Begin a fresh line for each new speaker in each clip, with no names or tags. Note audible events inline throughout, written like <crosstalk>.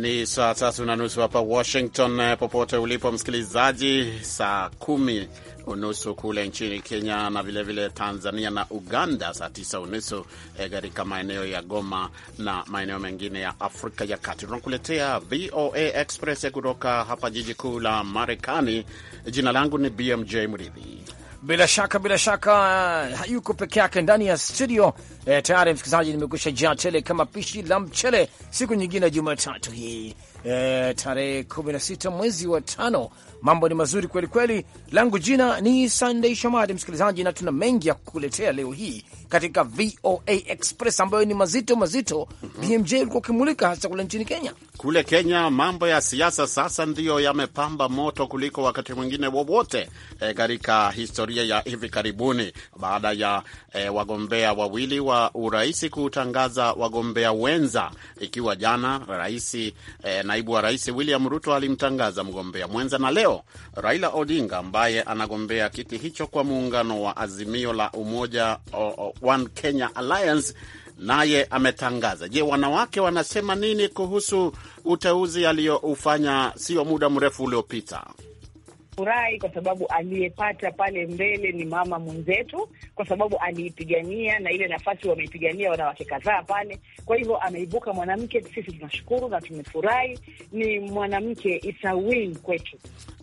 Ni saa tatu na nusu hapa Washington. Eh, popote ulipo msikilizaji, saa kumi unusu kule nchini Kenya na vilevile vile Tanzania na Uganda, saa tisa unusu eh, katika maeneo ya Goma na maeneo mengine ya Afrika ya Kati. Tunakuletea VOA Express kutoka hapa jiji kuu la Marekani. Jina langu ni BMJ Mridhi
bila shaka, bila shaka eh, hayuko peke yake ndani ya studio eh, tayari msikilizaji, nimekusha jaa tele kama pishi la mchele siku nyingine ya Jumatatu hii e, tarehe 16 mwezi wa tano. Mambo ni mazuri kweli kweli. Langu jina ni Sandey Shomari, msikilizaji, na tuna mengi ya kukuletea leo hii katika VOA Express ambayo ni mazito mazito. mm -hmm. BMJ ulikuwa ukimulika hasa kule nchini Kenya.
Kule Kenya mambo ya siasa sasa ndiyo yamepamba moto kuliko wakati mwingine wowote e, katika historia ya hivi karibuni baada ya e, wagombea wawili wa uraisi kutangaza wagombea wenza, ikiwa jana rais e, naibu wa rais William Ruto alimtangaza mgombea mwenza, na leo Raila Odinga ambaye anagombea kiti hicho kwa muungano wa Azimio la Umoja o, o, One Kenya Alliance naye ametangaza. Je, wanawake wanasema nini kuhusu uteuzi aliyoufanya sio muda mrefu uliopita?
anafurahi kwa sababu aliyepata pale mbele ni mama mwenzetu, kwa sababu aliipigania na ile nafasi wameipigania wanawake kadhaa pale. Kwa hivyo ameibuka mwanamke, sisi tunashukuru na tumefurahi. Ni mwanamke is a win kwetu.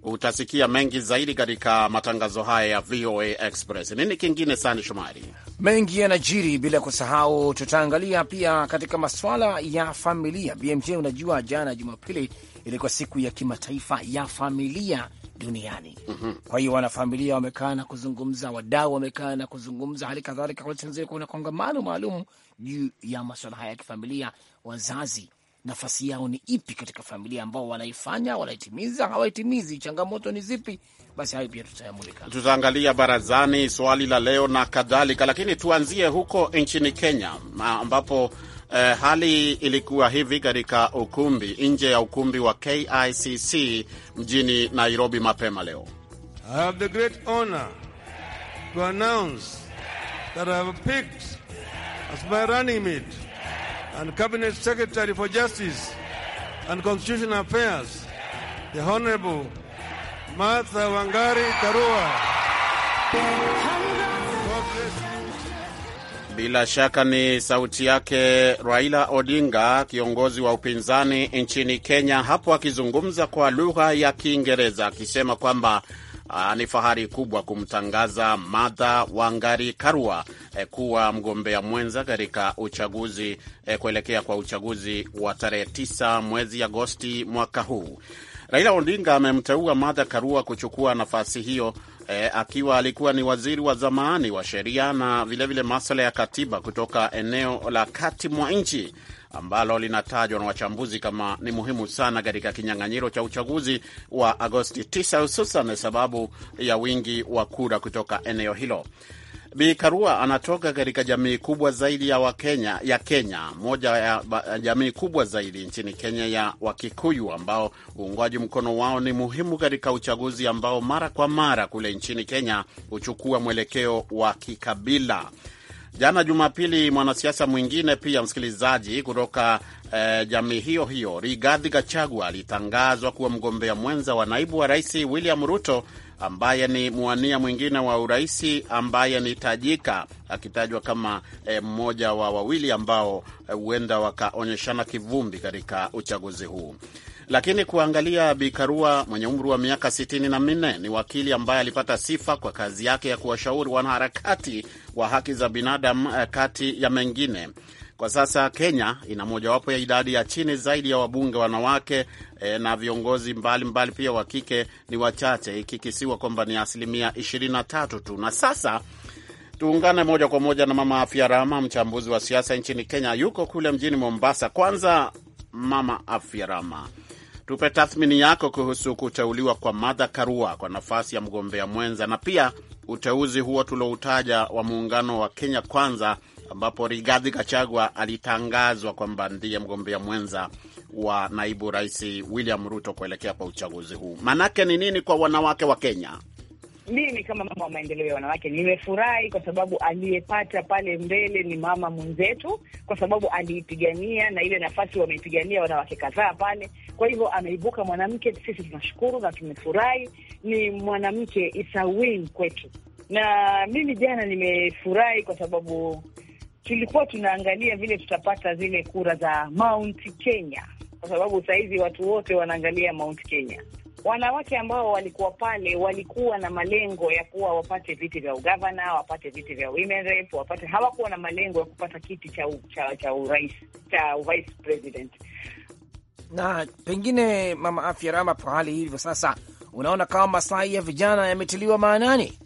Utasikia mengi zaidi katika matangazo haya ya VOA Express. Nini kingine, Sani Shomari?
Mengi yanajiri, bila kusahau tutaangalia pia katika maswala ya familia. BMJ, unajua jana Jumapili ilikuwa siku ya kimataifa ya familia duniani. mm -hmm. Kwa hiyo wanafamilia wamekaa na kuzungumza, wadau wamekaa na kuzungumza, hali kadhalika kule kuna kongamano maalum juu ya masuala haya ya kifamilia. Wazazi nafasi yao ni ipi katika familia, ambao wanaifanya, wanaitimiza, hawaitimizi, changamoto ni zipi? Basi hayo pia tutayamulika,
tutaangalia barazani, swali la leo na kadhalika, lakini tuanzie huko nchini Kenya ambapo eh, hali ilikuwa hivi katika ukumbi nje ya ukumbi wa KICC mjini Nairobi mapema leo.
I have the great honor to announce that I have picked as my running mate and cabinet secretary for justice and constitutional affairs the honorable Martha Wangari Karua.
Bila shaka ni sauti yake Raila Odinga, kiongozi wa upinzani nchini Kenya, hapo akizungumza kwa lugha ya Kiingereza akisema kwamba ah, ni fahari kubwa kumtangaza Martha Wangari Karua eh, kuwa mgombea mwenza katika uchaguzi eh, kuelekea kwa uchaguzi wa tarehe 9 mwezi Agosti mwaka huu. Raila Odinga amemteua Martha Karua kuchukua nafasi hiyo eh, akiwa alikuwa ni waziri wa zamani wa sheria na vilevile maswala ya katiba kutoka eneo la kati mwa nchi ambalo linatajwa na wachambuzi kama ni muhimu sana katika kinyang'anyiro cha uchaguzi wa Agosti 9 hususan sababu ya wingi wa kura kutoka eneo hilo. Bi Karua anatoka katika jamii kubwa zaidi ya Wakenya ya Kenya, moja ya jamii kubwa zaidi nchini Kenya ya Wakikuyu, ambao uungwaji mkono wao ni muhimu katika uchaguzi ambao mara kwa mara kule nchini Kenya huchukua mwelekeo wa kikabila. Jana Jumapili, mwanasiasa mwingine pia msikilizaji kutoka eh, jamii hiyo hiyo Rigathi Gachagua alitangazwa kuwa mgombea mwenza wa naibu wa rais William Ruto ambaye ni mwania mwingine wa uraisi ambaye ni tajika akitajwa kama e, mmoja wa wawili ambao eh, huenda e, wakaonyeshana kivumbi katika uchaguzi huu. Lakini kuangalia Bikarua mwenye umri wa miaka sitini na minne ni wakili ambaye alipata sifa kwa kazi yake ya kuwashauri wanaharakati wa haki za binadamu eh, kati ya mengine. Kwa sasa Kenya ina mojawapo ya idadi ya chini zaidi ya wabunge wanawake e, na viongozi mbalimbali mbali pia wa kike ni wachache, ikikisiwa kwamba ni asilimia 23 tu. Na sasa tuungane moja kwa moja na Mama Afya Rama, mchambuzi wa siasa nchini Kenya, yuko kule mjini Mombasa. Kwanza Mama Afya Rama, tupe tathmini yako kuhusu kuteuliwa kwa Madha Karua kwa nafasi ya mgombea mwenza na pia uteuzi huo tulioutaja wa muungano wa Kenya Kwanza ambapo Rigathi Gachagua alitangazwa kwamba ndiye mgombea mwenza wa naibu rais William Ruto kuelekea kwa uchaguzi huu. Maanake ni nini kwa wanawake wa Kenya?
Mimi kama mama wa maendeleo ya wanawake nimefurahi kwa sababu aliyepata pale mbele ni mama mwenzetu, kwa sababu aliipigania na ile nafasi wameipigania wanawake kadhaa pale. Kwa hivyo ameibuka mwanamke, sisi tunashukuru na tumefurahi. Ni mwanamke, it's a win kwetu. Na mimi jana nimefurahi kwa sababu tulikuwa tunaangalia vile tutapata zile kura za Mount Kenya, kwa sababu sahizi watu wote wanaangalia Mount Kenya. Wanawake ambao walikuwa pale walikuwa na malengo ya kuwa wapate viti vya ugavana, wapate viti vya women rep, wapate. Hawakuwa na malengo ya kupata kiti cha cha cha urais cha vice president.
Na pengine mama afya rama, kwa hali hivyo sasa, unaona kama maslahi ya vijana yametiliwa maanani?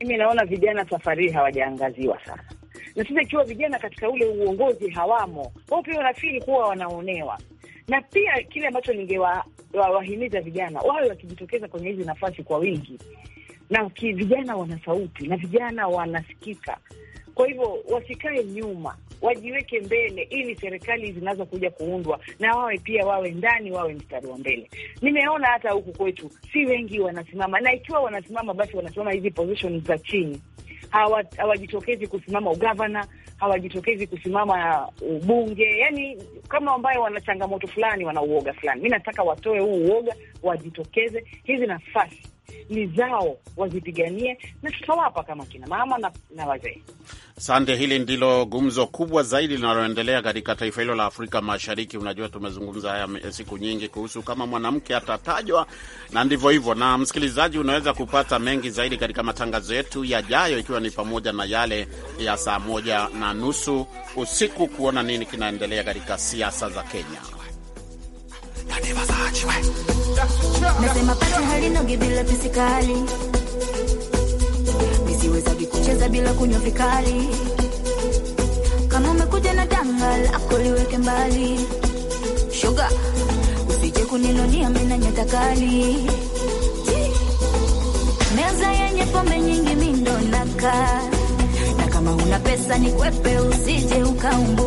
Mimi naona vijana safari hawajaangaziwa sana na sasa ikiwa vijana katika ule uongozi hawamo, wao pia wanafili kuwa wanaonewa. Na pia kile ambacho ningewawahimiza wa vijana wawe wakijitokeza kwenye hizi nafasi kwa wingi, na vijana wana sauti na vijana wanasikika. Kwa hivyo wasikae nyuma, wajiweke mbele, ili serikali zinazokuja kuundwa na wawe pia wawe ndani, wawe mstari wa mbele. Nimeona hata huku kwetu si wengi wanasimama, na ikiwa wanasimama basi wanasimama hizi position za chini hawajitokezi kusimama ugavana, hawajitokezi kusimama ubunge, yani kama ambayo wana changamoto fulani, wana uoga fulani. Mi nataka watoe huu uoga, wajitokeze hizi nafasi ni zao wazipiganie, na tutawapa kama kina mama na, na wazee.
Sande, hili ndilo gumzo kubwa zaidi linaloendelea katika taifa hilo la Afrika Mashariki. Unajua, tumezungumza haya siku nyingi kuhusu kama mwanamke atatajwa, na ndivyo hivyo. Na msikilizaji, unaweza kupata mengi zaidi katika matangazo yetu yajayo, ikiwa ni pamoja na yale ya saa moja na nusu usiku kuona nini kinaendelea katika siasa za Kenya.
Nasema pata hali bila pisikali, nisiwezagi kucheza bila kunywa vikali. Kama umekuja na danga lako liweke mbali, shoga, usije kuninonia mina nyata kali. Meza yenye pombe nyingi mindo nakaa, na kama una pesa ni kwepe, usije ukaum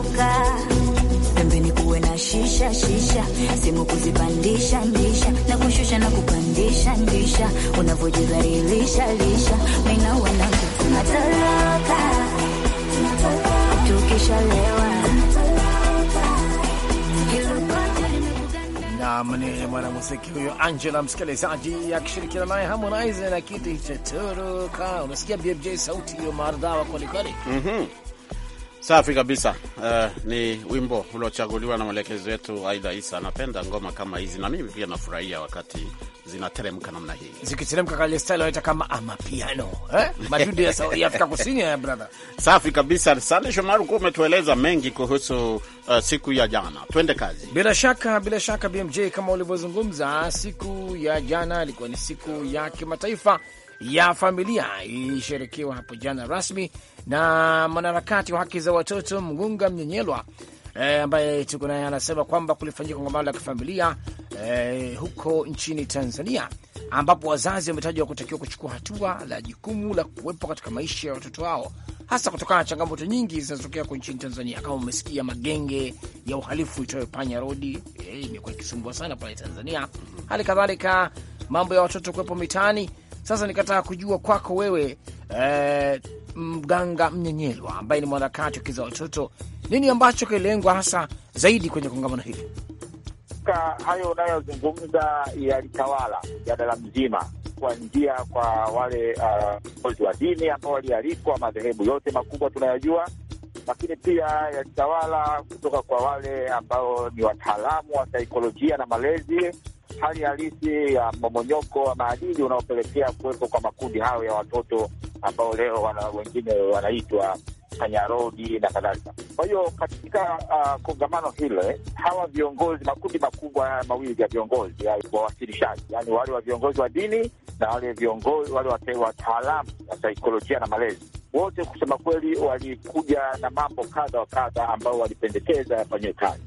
shisha shisha, simu kuzipandisha ndisha na kushusha na kupandisha ndisha, unavyojidhalilisha lisha mina wanangu, tunatoroka tukishalewa
Namni mwanamuziki huyo Angela, msikilizaji, akishirikiana naye Harmonize na kitu hicho toroka. Unasikia BMJ, sauti hiyo maridhawa kwelikweli.
Mhm. Safi kabisa. Uh, ni wimbo uliochaguliwa na mwelekezi wetu Aida Isa. Anapenda ngoma kama hizi, na mimi pia nafurahia wakati zinateremka namna hii,
zikiteremka kale style kama amapiano eh? madudu ya Saudi Afrika Kusini ya eh, brother.
Safi kabisa. Sande kuwa umetueleza mengi kuhusu uh, siku ya jana. Twende kazi. Bila shaka, bila shaka BMJ,
kama ulivyozungumza, siku ya jana ilikuwa ni siku ya kimataifa ya familia ilisherekewa hapo jana rasmi na mwanaharakati wa haki za watoto Mgunga Mnyenyelwa e, ambaye tuko naye anasema kwamba kulifanyika kongamano la kifamilia e, huko nchini Tanzania ambapo wazazi wametajwa kutakiwa kuchukua hatua la jukumu la kuwepo katika maisha ya watoto wao hasa kutokana na changamoto nyingi zinazotokea huko nchini Tanzania. Kama umesikia magenge ya uhalifu itoyo Panya Rodi eh, imekuwa e, ikisumbua sana pale Tanzania. Hali kadhalika mambo ya watoto kuwepo mitaani sasa nikataka kujua kwako wewe eh, Mganga Mnyenyelwa ambaye ni mwanaharakati wa kiza watoto, nini ambacho kilengwa hasa zaidi kwenye kongamano hili?
Hayo unayozungumza yalitawala mjadala mzima njia kwa wale uh, viongozi uh, wa dini ambao walialikwa, madhehebu yote makubwa tunayojua, lakini pia yalitawala kutoka kwa wale ambao ni wataalamu wa saikolojia na malezi hali halisi ya mmomonyoko wa maadili unaopelekea kuwepo kwa makundi hayo ya watoto ambao leo wana, wengine wanaitwa kanyarodi na kadhalika. Kwa hiyo katika uh, kongamano hilo hawa viongozi, makundi makubwa haya mawili ya viongozi ya wawasilishaji, yaani wale wa viongozi wa dini na wale viongozi wale wataalamu wa saikolojia na malezi, wote kusema kweli walikuja na mambo kadha wa kadha ambayo walipendekeza yafanyiwe kazi.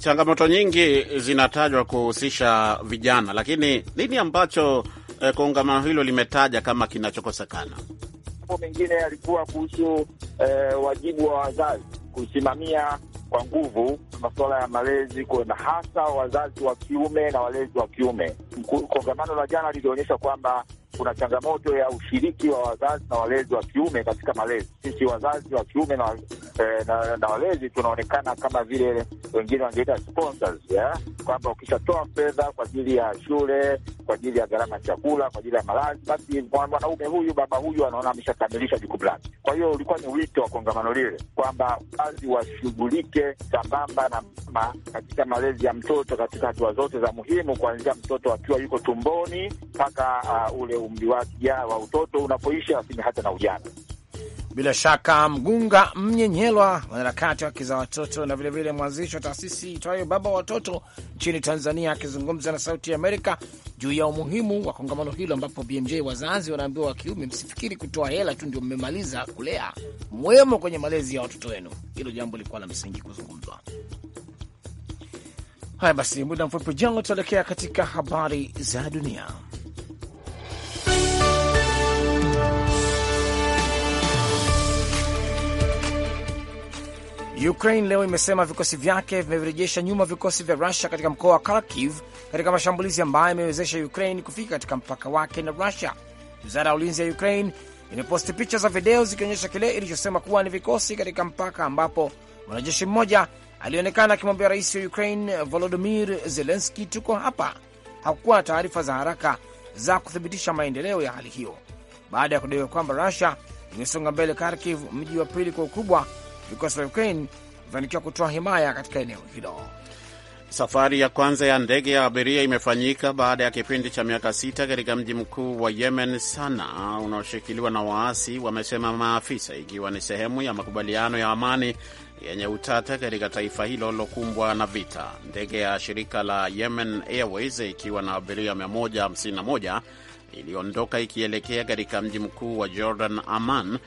Changamoto nyingi zinatajwa kuhusisha vijana, lakini nini ambacho eh, kongamano hilo limetaja kama kinachokosekana?
Mengine yalikuwa kuhusu eh, wajibu wa wazazi kusimamia kwa nguvu masuala ya malezi na hasa wazazi wa kiume na walezi wa kiume. Kongamano la jana lilionyesha kwamba kuna changamoto ya ushiriki wa wazazi na walezi wa kiume katika malezi. Sisi wazazi wa kiume na Eh, na, na walezi tunaonekana kama vile wengine wangeita sponsors ya kwamba ukishatoa fedha kwa ajili ya shule, kwa ajili ya gharama ya chakula, kwa ajili ya malazi, basi mwanaume huyu, baba huyu anaona ameshakamilisha jukumu lake. Kwa hiyo ulikuwa ni wito wa kongamano lile kwamba wazazi washughulike sambamba na mama katika malezi ya mtoto katika hatua zote za muhimu, kuanzia mtoto akiwa yuko tumboni mpaka uh, ule umri wake wa utoto unapoisha, lakini hata na ujana
bila shaka Mgunga Mnyenyelwa, mwanaharakati wa haki za watoto na vilevile mwanzishi wa taasisi itwayo Baba Watoto nchini Tanzania, akizungumza na Sauti ya Amerika juu ya umuhimu wa kongamano hilo, ambapo BMJ wazazi wanaambiwa wa kiume, msifikiri kutoa hela tu ndio mmemaliza kulea, mwemo kwenye malezi ya watoto wenu. Hilo jambo lilikuwa la msingi kuzungumzwa. Haya basi, muda mfupi jango tutaelekea katika habari za dunia. Ukraine leo imesema vikosi vyake vimevirejesha nyuma vikosi vya Rusia katika mkoa wa Kharkiv katika mashambulizi ambayo imewezesha Ukraine kufika katika mpaka wake na Rusia. Wizara ya ulinzi ya Ukraine imeposti picha za video zikionyesha kile ilichosema kuwa ni vikosi katika mpaka, ambapo mwanajeshi mmoja alionekana akimwambia rais wa Ukraine Volodimir Zelenski, tuko hapa. Hakukuwa na taarifa za haraka za kuthibitisha maendeleo ya hali hiyo, baada ya kudaiwa kwamba Rusia imesonga mbele Kharkiv, mji wa pili kwa ukubwa vikosi vya Ukraine vimefanikiwa kutoa himaya katika eneo hilo.
Safari ya kwanza ya ndege ya abiria imefanyika baada ya kipindi cha miaka sita katika mji mkuu wa Yemen, Sana, unaoshikiliwa na waasi, wamesema maafisa, ikiwa ni sehemu ya makubaliano ya amani yenye utata katika taifa hilo lilokumbwa na vita. Ndege ya shirika la Yemen Airways ikiwa na abiria 151 iliondoka ikielekea katika mji mkuu wa Jordan, aman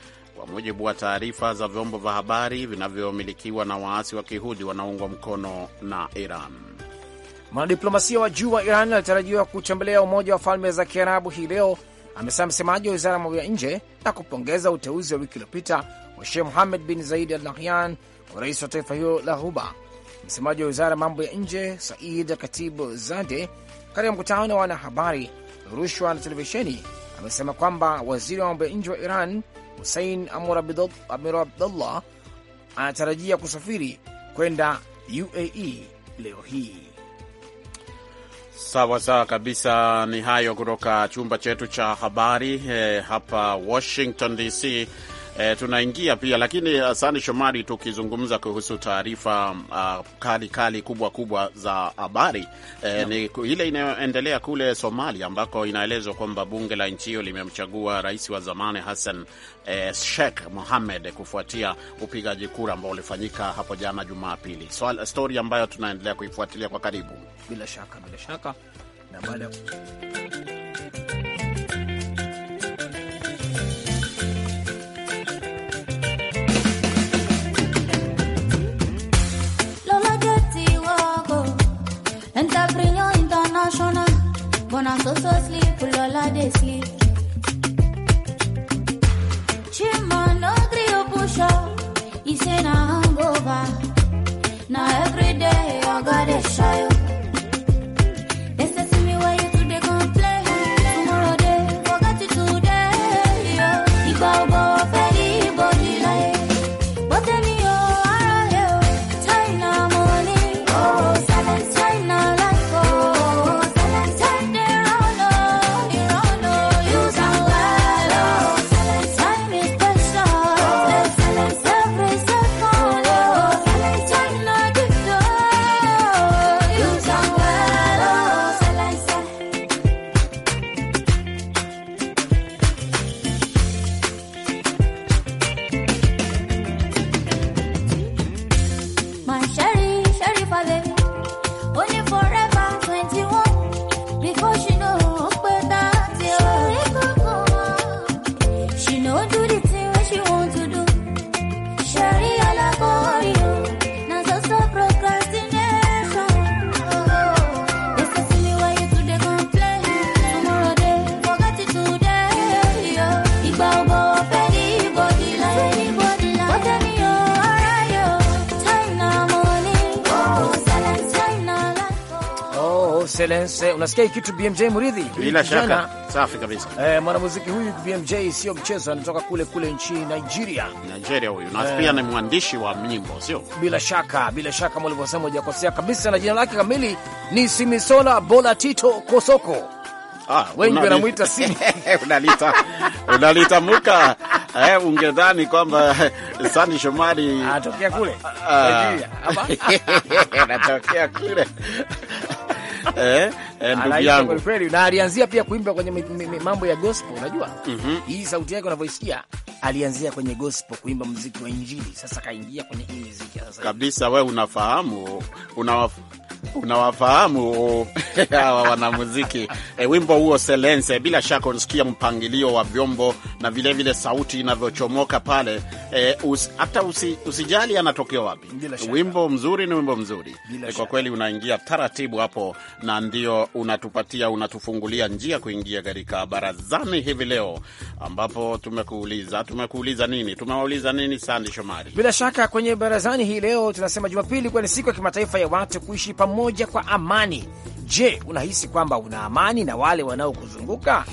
kwa mujibu wa taarifa za vyombo vya habari vinavyomilikiwa na waasi wa kihudi wanaungwa mkono na Iran.
Mwanadiplomasia wa juu wa Iran alitarajiwa kutembelea Umoja wa Falme za Kiarabu hii leo, amesema msemaji wa wizara ya mambo ya nje, na kupongeza uteuzi wa wiki iliyopita wa Sheh Muhamed bin Zaid Al Nahyan kwa rais wa taifa hilo la Ghuba. Msemaji wa wizara ya mambo ya nje Said Katibu Zade, katika mkutano na wanahabari rushwa na televisheni, amesema kwamba waziri wa mambo ya nje wa Iran Hussein Amir Abdullah anatarajia kusafiri kwenda UAE leo hii.
Sawa sawa kabisa. Ni hayo kutoka chumba chetu cha habari eh, hapa Washington DC. E, tunaingia pia lakini, asani eh, Shomari, tukizungumza kuhusu taarifa uh, kali kali kubwa kubwa za habari e, eh, no. ni ile inayoendelea kule Somalia ambako inaelezwa kwamba bunge la nchi hiyo limemchagua rais wa zamani Hassan e, Sheikh Mohamed kufuatia upigaji kura ambao ulifanyika hapo jana Jumapili. So, stori ambayo tunaendelea kuifuatilia kwa karibu
bila shaka, bila shaka na baada
going so so sleep, all lola they sleep. Chima no grill push up, he say na hangover. Now every day I gotta show
Excellence. Unasikia kitu BMJ Muridhi? Bila shaka.
Safi kabisa. Eh,
mwanamuziki huyu BMJ sio mchezo, anatoka kule kule nchini Nigeria.
Nigeria huyu. Na eh. pia ni mwandishi wa nyimbo, sio?
Bila shaka, bila shaka kama ulivyosema hujakosea kabisa na jina lake kamili ni Simisola Bola Tito Kosoko.
Ah, wengi wanamwita
si. <laughs> Unalita.
Unalita muka. Eh, ungedhani kwamba Sani Shomari anatokea kule. Ah. <laughs> Anatokea kule. <laughs> Eh, eh, ndugu yangu kweli,
na alianzia pia kuimba kwenye mambo ya gospel. Unajua mhm. hii sauti yake unavyoisikia, alianzia kwenye gospel kuimba muziki wa Injili, sasa kaingia kwenye hii
muziki sasa kabisa. Wewe unafahamu una unawafahamu <laughs> hawa wanamuziki e, wimbo huo Selense. Bila shaka unasikia mpangilio wa vyombo na vilevile vile sauti inavyochomoka pale e, us, hata usi, usijali anatokea wapi. Wimbo mzuri ni wimbo mzuri e, kwa kweli unaingia taratibu hapo, na ndio unatupatia unatufungulia njia kuingia katika barazani hivi leo, ambapo tumekuuliza tumekuuliza nini tumewauliza nini Sandi Shomari. Bila
shaka
kwenye barazani hii leo tunasema Jumapili kuwa ni siku ya kimataifa ya watu kuishi pamoja moja kwa amani. Je, unahisi kwamba una amani na wale wanaokuzunguka?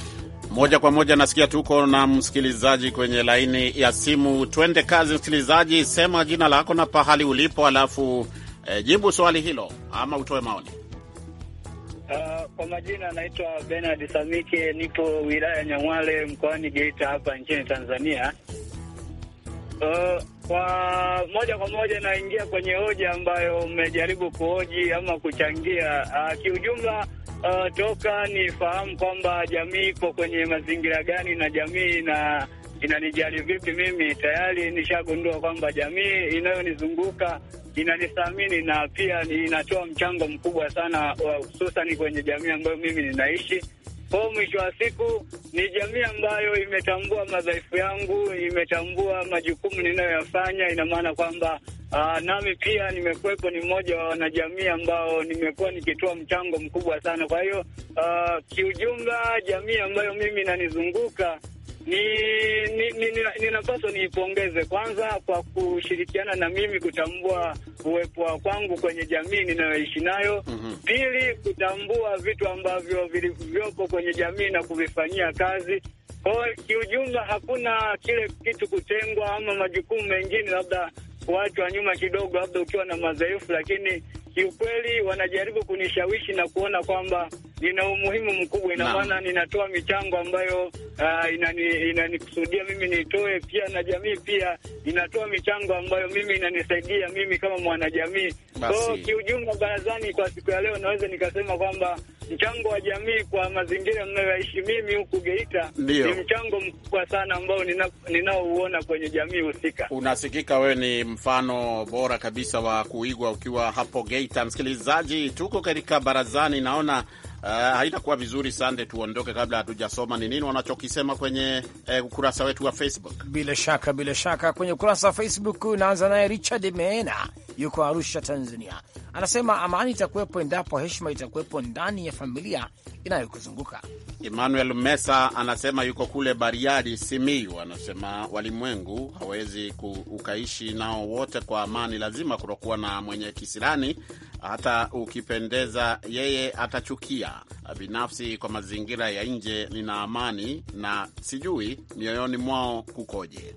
Moja kwa moja nasikia tuko na msikilizaji kwenye laini ya simu. Twende kazi, msikilizaji, sema jina lako na pahali ulipo, alafu eh, jibu swali hilo ama utoe maoni.
Uh, kwa majina anaitwa Benard Samike, nipo wilaya Nyamwale mkoani Geita hapa nchini Tanzania. Uh, kwa moja kwa moja naingia kwenye hoja ambayo mmejaribu kuhoji ama kuchangia. Uh, kiujumla uh, toka nifahamu kwamba jamii ipo kwenye mazingira gani na jamii na inanijali vipi mimi, tayari nishagundua kwamba jamii inayonizunguka inanithamini na pia inatoa mchango mkubwa sana, uh, hususani kwenye jamii ambayo mimi ninaishi kwa mwisho wa siku ni jamii ambayo imetambua madhaifu yangu, imetambua majukumu ninayoyafanya. Ina maana kwamba Uh, nami pia nimekuwepo, ni mmoja wa wanajamii ambao nimekuwa nikitoa mchango mkubwa sana. Kwa hiyo uh, kiujumla jamii ambayo mimi nanizunguka ninapaswa ni, ni, ni niipongeze kwanza kwa kushirikiana na mimi kutambua uwepo wa kwangu kwenye jamii ninayoishi nayo. mm -hmm. Pili, kutambua vitu ambavyo vilivyopo kwenye jamii na kuvifanyia kazi. Kwa kiujumla, hakuna kile kitu kutengwa ama majukumu mengine labda watu wa nyuma kidogo, labda ukiwa na madhaifu, lakini kiukweli wanajaribu kunishawishi na kuona kwamba nina umuhimu mkubwa. Ina maana ninatoa michango ambayo uh, inani, inanikusudia mimi nitoe pia, na jamii pia inatoa michango ambayo mimi inanisaidia mimi kama mwanajamii. So kiujumla, barazani kwa siku ya leo naweza nikasema kwamba mchango wa jamii kwa mazingira mnayoishi mimi huku Geita Dio. ni mchango
mkubwa sana ambao ninaouona kwenye jamii husika. Unasikika wewe ni mfano bora kabisa wa kuigwa ukiwa hapo Geita. Msikilizaji, tuko katika barazani, naona Uh, haitakuwa vizuri sande, tuondoke kabla hatujasoma ni nini wanachokisema kwenye eh, ukurasa wetu wa Facebook.
Bila shaka, bila shaka kwenye ukurasa wa Facebook. Naanza naye Richard Meena, yuko Arusha, Tanzania, anasema amani itakuwepo endapo heshima itakuwepo ndani ya familia inayokuzunguka.
Emmanuel Mesa anasema yuko kule Bariadi, Simiyu, anasema walimwengu hawezi ukaishi nao wote kwa amani, lazima kutokuwa na mwenye kisirani hata ukipendeza yeye atachukia. Binafsi kwa mazingira ya nje nina amani na sijui mioyoni mwao kukoje.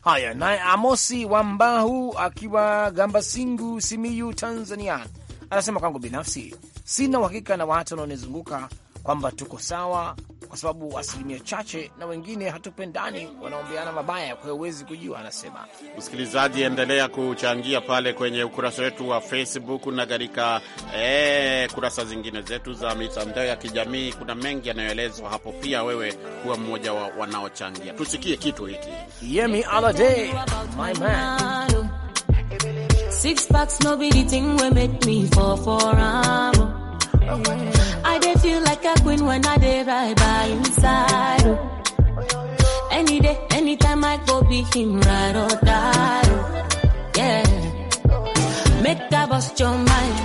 Haya, naye Amosi Wambahu akiwa Gambasingu, Simiyu, Tanzania, anasema kwangu binafsi sina uhakika na watu wanaonizunguka kwamba tuko sawa, kwa sababu asilimia chache na wengine hatupendani, wanaombeana mabaya, kwa hiyo huwezi kujua, anasema.
Msikilizaji, endelea kuchangia pale kwenye ukurasa wetu wa Facebook na katika eh, kurasa zingine zetu za mitandao ya kijamii. Kuna mengi yanayoelezwa hapo, pia wewe kuwa mmoja wa wanaochangia. Tusikie kitu hiki,
Yemi Alade, my man.
Six packs, no we make me fall for I dey feel like a queen when I dey ride by inside. Oh. Any day, anytime I go be him ride or die. Oh. Yeah, make that bust your mind.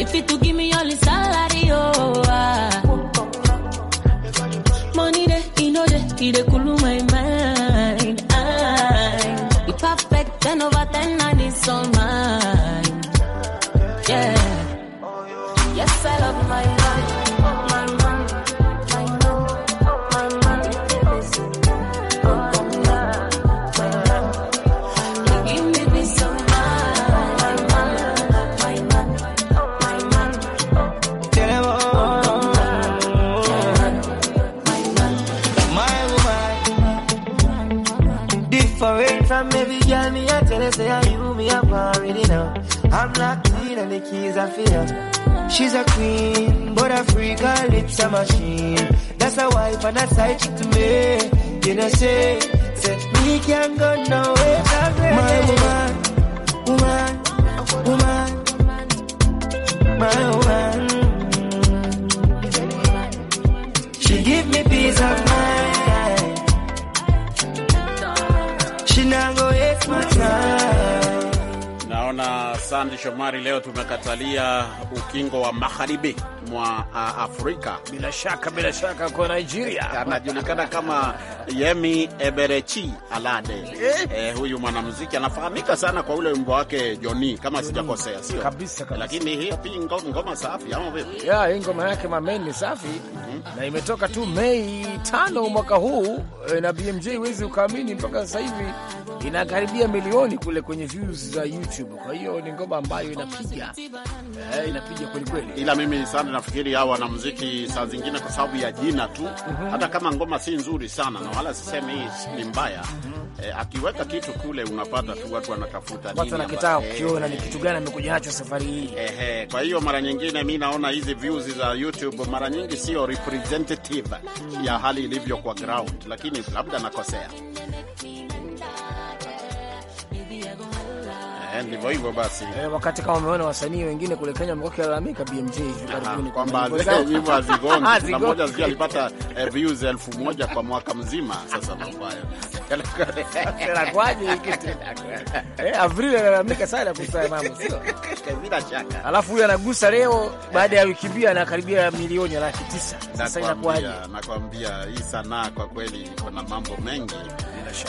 If you to give me all his salary, oh. Ah. Money dey, you know day, he dey cool say I you, me, I'm already now. I'm locked in and the keys are fear. She's a queen, but a freak, her lips a machine. That's a wife and a side chick to me. You know, say, say, me can't go nowhere. My woman, woman, woman,
my woman. She give me
peace of mind. She not go waste my time.
Sande Shomari, leo tumekatalia ukingo wa magharibi mwa uh, Afrika. Bila shaka, bila shaka kwa Nigeria anajulikana kama Yemi Eberechi Alade. Eh? Eh, huyu mwanamuziki anafahamika sana kwa ule wimbo wake Joni, kama sijakosea, sio kabisa, kabisa. Lakini hiyo pia ngoma safi ama vipi?
Ya, hii ngoma yake mamen ni safi mhm. na imetoka tu Mei tano mwaka huu eh, na BMJ, huwezi ukaamini mpaka sasa hivi inakaribia milioni kule kwenye views za YouTube. Kwa hiyo ni ngoma ambayo inapiga eh,
inapiga kweli kweli, ila mimi sana nafikiri hao wanamuziki saa zingine kwa sababu ya jina tu mm -hmm. hata kama ngoma si nzuri sana na wala sisemi hii ni mbaya mm -hmm. eh, akiweka kitu kule unapata tu watu wanatafuta nini, watu wanakitaka kukiona ni eh. kitu gani amekuja nacho safari hii eh, eh, kwa hiyo mara nyingine mi naona hizi views za YouTube mara nyingi sio representative ya hali ilivyo kwa ground, lakini labda nakosea. ndivyo yaani hivyo basi.
E, wakati kama umeona wasanii wengine kule Kenya wamekuwa kilalamika BMJ ah, kwamba nyimbo hazigongi, na mmoja zikiwa
alipata eh, views elfu moja kwa mwaka mzima. Sasa mambo hayo <laughs> eh,
Avril analalamika sana kuhusu mambo, sio
bila shaka. Alafu huyu
anagusa leo, baada ya wiki mbili anakaribia milioni laki tisa. Sasa inakuwaje?
Nakwambia hii sanaa kwa kweli kuna mambo mengi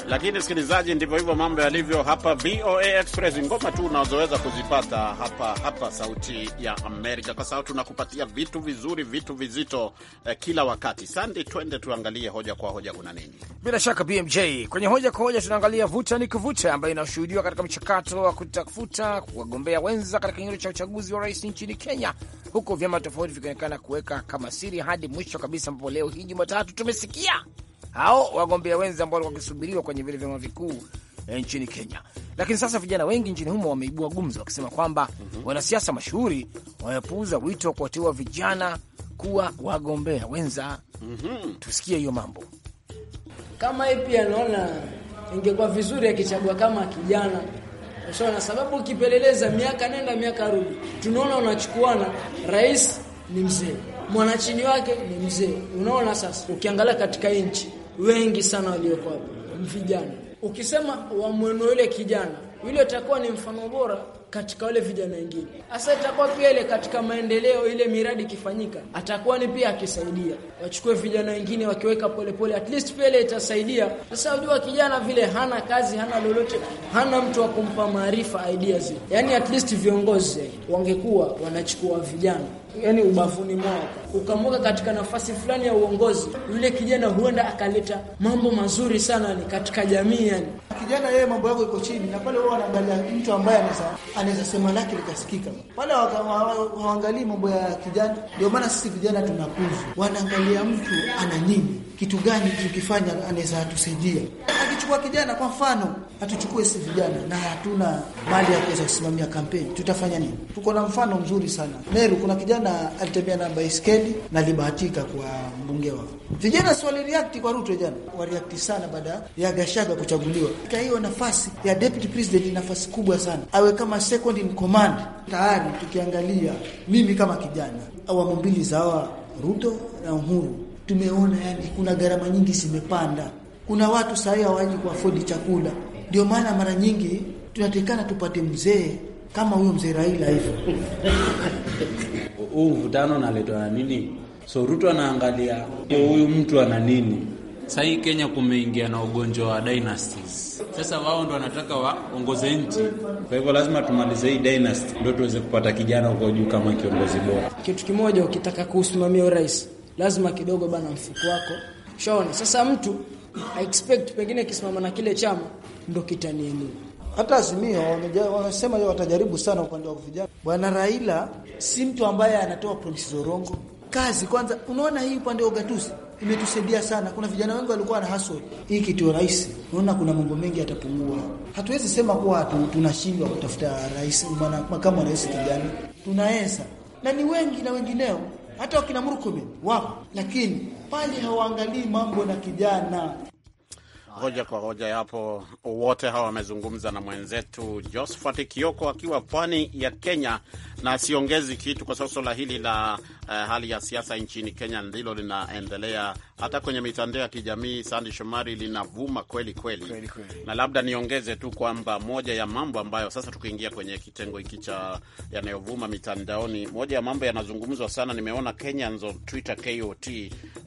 lakini msikilizaji, ndivyo hivyo mambo yalivyo hapa VOA Express, ngoma tu unazoweza kuzipata hapa hapa Sauti ya Amerika, kwa sababu tunakupatia vitu vizuri, vitu vizito eh, kila wakati. Sande, twende tuangalie hoja kwa hoja, kuna nini?
Bila shaka BMJ, kwenye hoja kwa hoja tunaangalia vuta ni kuvuta ambayo inashuhudiwa katika mchakato wa kutafuta kuwagombea wenza katika kinyang'anyiro cha uchaguzi wa rais nchini Kenya, huku vyama tofauti vikionekana kuweka kama siri hadi mwisho kabisa, ambapo leo hii Jumatatu tumesikia hao wagombea wenza ambao walikuwa wakisubiriwa kwenye vile vyama vikuu eh, nchini Kenya. Lakini sasa vijana wengi nchini humo wameibua gumzo wakisema kwamba mm -hmm. wanasiasa mashuhuri wamepuuza wito wa kuwateua vijana kuwa wagombea wenza. mm -hmm. Tusikie hiyo mambo
kama hii. Pia naona ingekuwa vizuri akichagua kama kijana ushaona, sababu ukipeleleza miaka nenda miaka rudi, tunaona unachukuana, rais ni mzee, mwanachini wake ni mzee. Unaona sasa, ukiangalia katika nchi wengi sana walioko vijana. Ukisema wamwenu yule kijana yule, atakuwa ni mfano bora katika wale vijana wengine. Hasa itakuwa pia ile katika maendeleo, ile miradi ikifanyika, atakuwa ni pia akisaidia. Wachukue vijana wengine wakiweka polepole, at least pia ile itasaidia. Sasa unajua kijana vile hana kazi, hana lolote, hana mtu wa kumpa maarifa, ideas, yani at least viongozi wangekuwa wanachukua vijana yani ubafuni mwao, ukamweka katika nafasi fulani ya uongozi, yule kijana huenda akaleta mambo mazuri sana ni katika jamii. Yani kijana yeye mambo yako iko
chini, na pale wao wanaangalia mtu ambaye anaweza
anaweza sema lake likasikika.
Pale hawaangalii mambo ya kijana. Ndio maana sisi vijana tunakuzwa, wanaangalia mtu ana nini kitu gani tukifanya anaweza atusaidia. Akichukua kijana kwa mfano, atuchukue si vijana na hatuna mali ya kuweza kusimamia kampeni, tutafanya nini? Tuko na mfano mzuri sana Meru, kuna kijana alitembea na baiskeli na alibahatika kwa mbunge wao. Vijana si waliriakti kwa Ruto, jana wariakti sana baada ya Gashaga kuchaguliwa. Kwa hiyo nafasi ya deputy president ni nafasi kubwa sana, awe kama second in command. Tayari tukiangalia, mimi kama kijana, awamu mbili za Ruto na Uhuru tumeona yani kuna gharama nyingi zimepanda. Kuna watu sahii hawaji fodi chakula, ndio maana mara nyingi tunatekana tupate mzee kama huyo mzee Raila hivyo.
Huu mvutano unaletwa na nini? So Ruto anaangalia huyu mtu ana
nini. Sahii Kenya kumeingia na ugonjwa wa dynasties. Sasa wao ndo wanataka waongoze nchi, kwa hivyo lazima tumalize hii dynasty ndo tuweze kupata kijana huko juu kama kiongozi bora.
Kitu kimoja ukitaka kusimamia urais lazima kidogo bana mfuko wako shaona sasa mtu I expect pengine kisimama na kile chama ndo kitanielewa hata azimio wanasema watajaribu sana upande wa vijana bwana Raila si
mtu ambaye anatoa promise zorongo kazi kwanza unaona hii upande wa gatusi imetusaidia sana kuna vijana wengi walikuwa na hustle hii kitu rais unaona kuna mambo mengi atapungua hatuwezi sema kuwa tu, tunashindwa kutafuta rais bwana kama rais kijana tunaweza na ni wengi na wengineo hata wakina Murkomen wapo, lakini pale hawaangalii mambo na kijana
hoja kwa hoja. Hapo wote hawa wamezungumza na mwenzetu Josphat Kioko akiwa pwani ya Kenya na siongezi kitu kwa sababu swala hili la uh, hali ya siasa nchini Kenya ndilo linaendelea hata kwenye mitandao ya kijamii Sandi Shomari, linavuma kweli kweli, kweli, kweli. Na labda niongeze tu kwamba moja ya mambo ambayo sasa tukiingia kwenye kitengo hiki cha yanayovuma mitandaoni, moja ya mambo yanazungumzwa sana, nimeona Kenyans on Twitter KOT,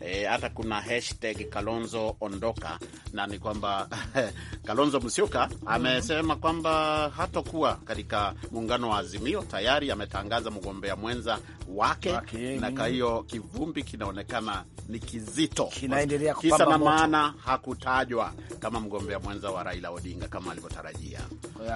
eh, hata kuna hashtag Kalonzo ondoka, na ni kwamba <laughs> Kalonzo Musyoka mm-hmm. amesema kwamba hatokuwa katika muungano wa Azimio tayari ame ametangaza mgombea mwenza wake, wake. Na kwa hiyo kivumbi kinaonekana ni kizito, kinaendelea
kisa na maana,
hakutajwa kama mgombea mwenza wa Raila Odinga kama alivyotarajia,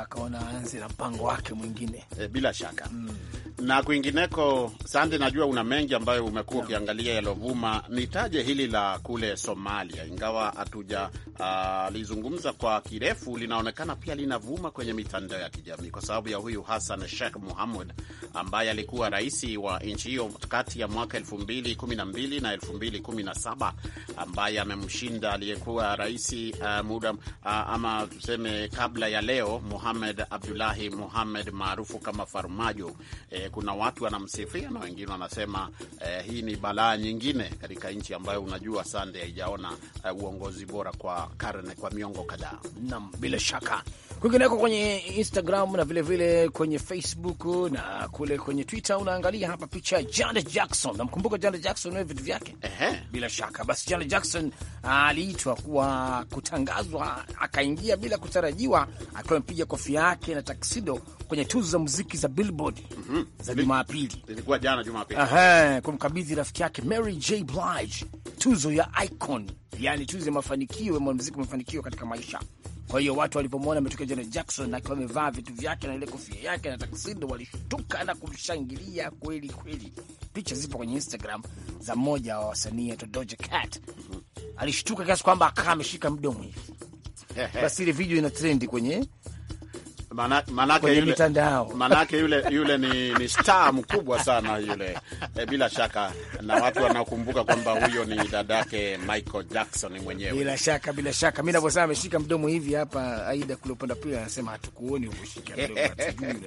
akaona aanze na mpango wake mwingine
e, bila shaka mm. Na kwingineko, Sandi, najua una mengi ambayo umekuwa ukiangalia yalovuma. Nitaje hili la kule Somalia, ingawa hatuja uh, lizungumza kwa kirefu, linaonekana pia linavuma kwenye mitandao ya kijamii kwa sababu ya huyu Hassan Sheikh muhamud ambaye alikuwa rais wa nchi hiyo kati ya mwaka 2012 na 2017, ambaye amemshinda aliyekuwa rais uh, muda uh, ama tuseme kabla ya leo muhamed abdulahi muhamed maarufu kama Farmajo. Eh, kuna watu wanamsifia na wengine wanasema eh, hii ni balaa nyingine katika nchi ambayo unajua sande haijaona uh, uongozi bora kwa karne, kwa miongo kadhaa. Naam, bila shaka kwingineko
kwenye Instagram na vilevile vile kwenye Facebook na kule kwenye Twitter unaangalia hapa picha ya Janet Jackson. Namkumbuka Janet Jackson na vitu vyake bila shaka. Basi Janet Jackson ah, aliitwa kuwa kutangazwa, akaingia bila kutarajiwa, akiwa amepiga kofia yake na taksido kwenye tuzo za muziki za Billboard mm -hmm. za Jumapili,
ilikuwa jana Jumapili,
kumkabidhi rafiki yake Mary J Blige tuzo ya icon, yani tuzo ya mafanikio ya mwanamuziki mafanikio katika maisha kwa hiyo watu walipomwona ametokea Janet Jackson akiwa amevaa vitu vyake na ile kofia yake na taksido, walishtuka na kumshangilia kweli kweli. Picha zipo kwenye Instagram za mmoja wa wasanii aitwa Doja Cat. Alishtuka kiasi kwamba akaa ameshika mdomo hivi. Basi ile video ina trendi kwenye
manake yule, mitandao manake yule, yule ni, ni star mkubwa sana yule e, bila shaka na watu wanakumbuka kwamba huyo ni dadake Michael Jackson mwenyewe. Bila
shaka, bila shaka, mimi navyosema ameshika mdomo hivi hapa. Aida kule upande pia anasema hatukuoni umeshika
mdomo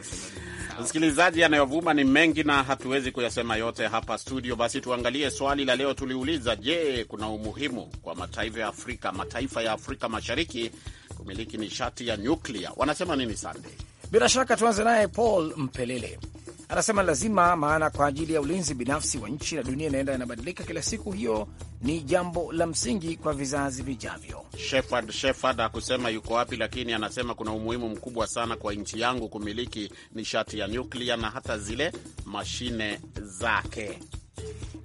<laughs> msikilizaji. Yanayovuma ni mengi na hatuwezi kuyasema yote hapa studio. Basi tuangalie swali la leo tuliuliza, je, kuna umuhimu kwa mataifa ya Afrika, mataifa ya Afrika Mashariki kumiliki nishati ya nyuklia. Wanasema nini Sunday?
Bila shaka tuanze naye Paul Mpelele anasema lazima, maana kwa ajili ya ulinzi binafsi wa nchi na dunia inaenda inabadilika kila siku, hiyo ni jambo la msingi kwa vizazi vijavyo.
Shefard Shefard akusema yuko wapi, lakini anasema kuna umuhimu mkubwa sana kwa nchi yangu kumiliki nishati ya nyuklia na hata zile mashine zake.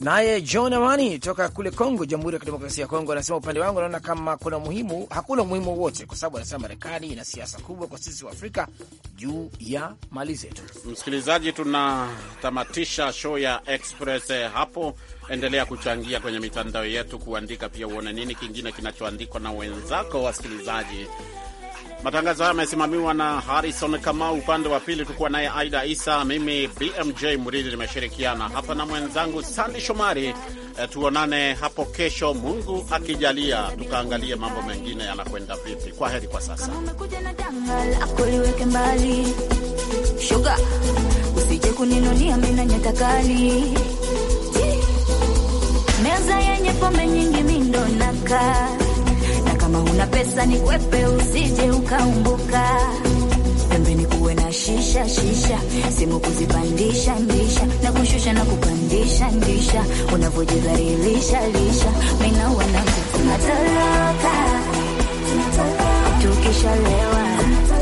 Naye John Amani toka kule Kongo, Jamhuri ya Kidemokrasia ya Kongo, anasema upande wangu anaona kama kuna muhimu, hakuna umuhimu wowote, kwa sababu anasema Marekani ina siasa kubwa kwa sisi wa Afrika juu ya mali zetu.
Msikilizaji, tunatamatisha show ya Express eh, hapo. Endelea kuchangia kwenye mitandao yetu, kuandika pia uone nini kingine kinachoandikwa na wenzako wasikilizaji Matangazo haya yamesimamiwa na Harrison Kamau, upande wa pili tukuwa naye Aida Isa, mimi BMJ Muridi nimeshirikiana hapa na mwenzangu Sandi Shomari. Eh, tuonane hapo kesho, Mungu akijalia, tukaangalie mambo mengine yanakwenda vipi. Kwa heri kwa sasa.
Meza yenye pombe nyingi mindo nakaa kama una pesa ni kwepe, usije ukaumbuka. Pembeni kuwe na shisha shisha, simu kuzipandisha ndisha na kushusha na kupandisha ndisha, unavyojidhalilisha lisha, mina wanakutaka tunatoroka, tukishalewa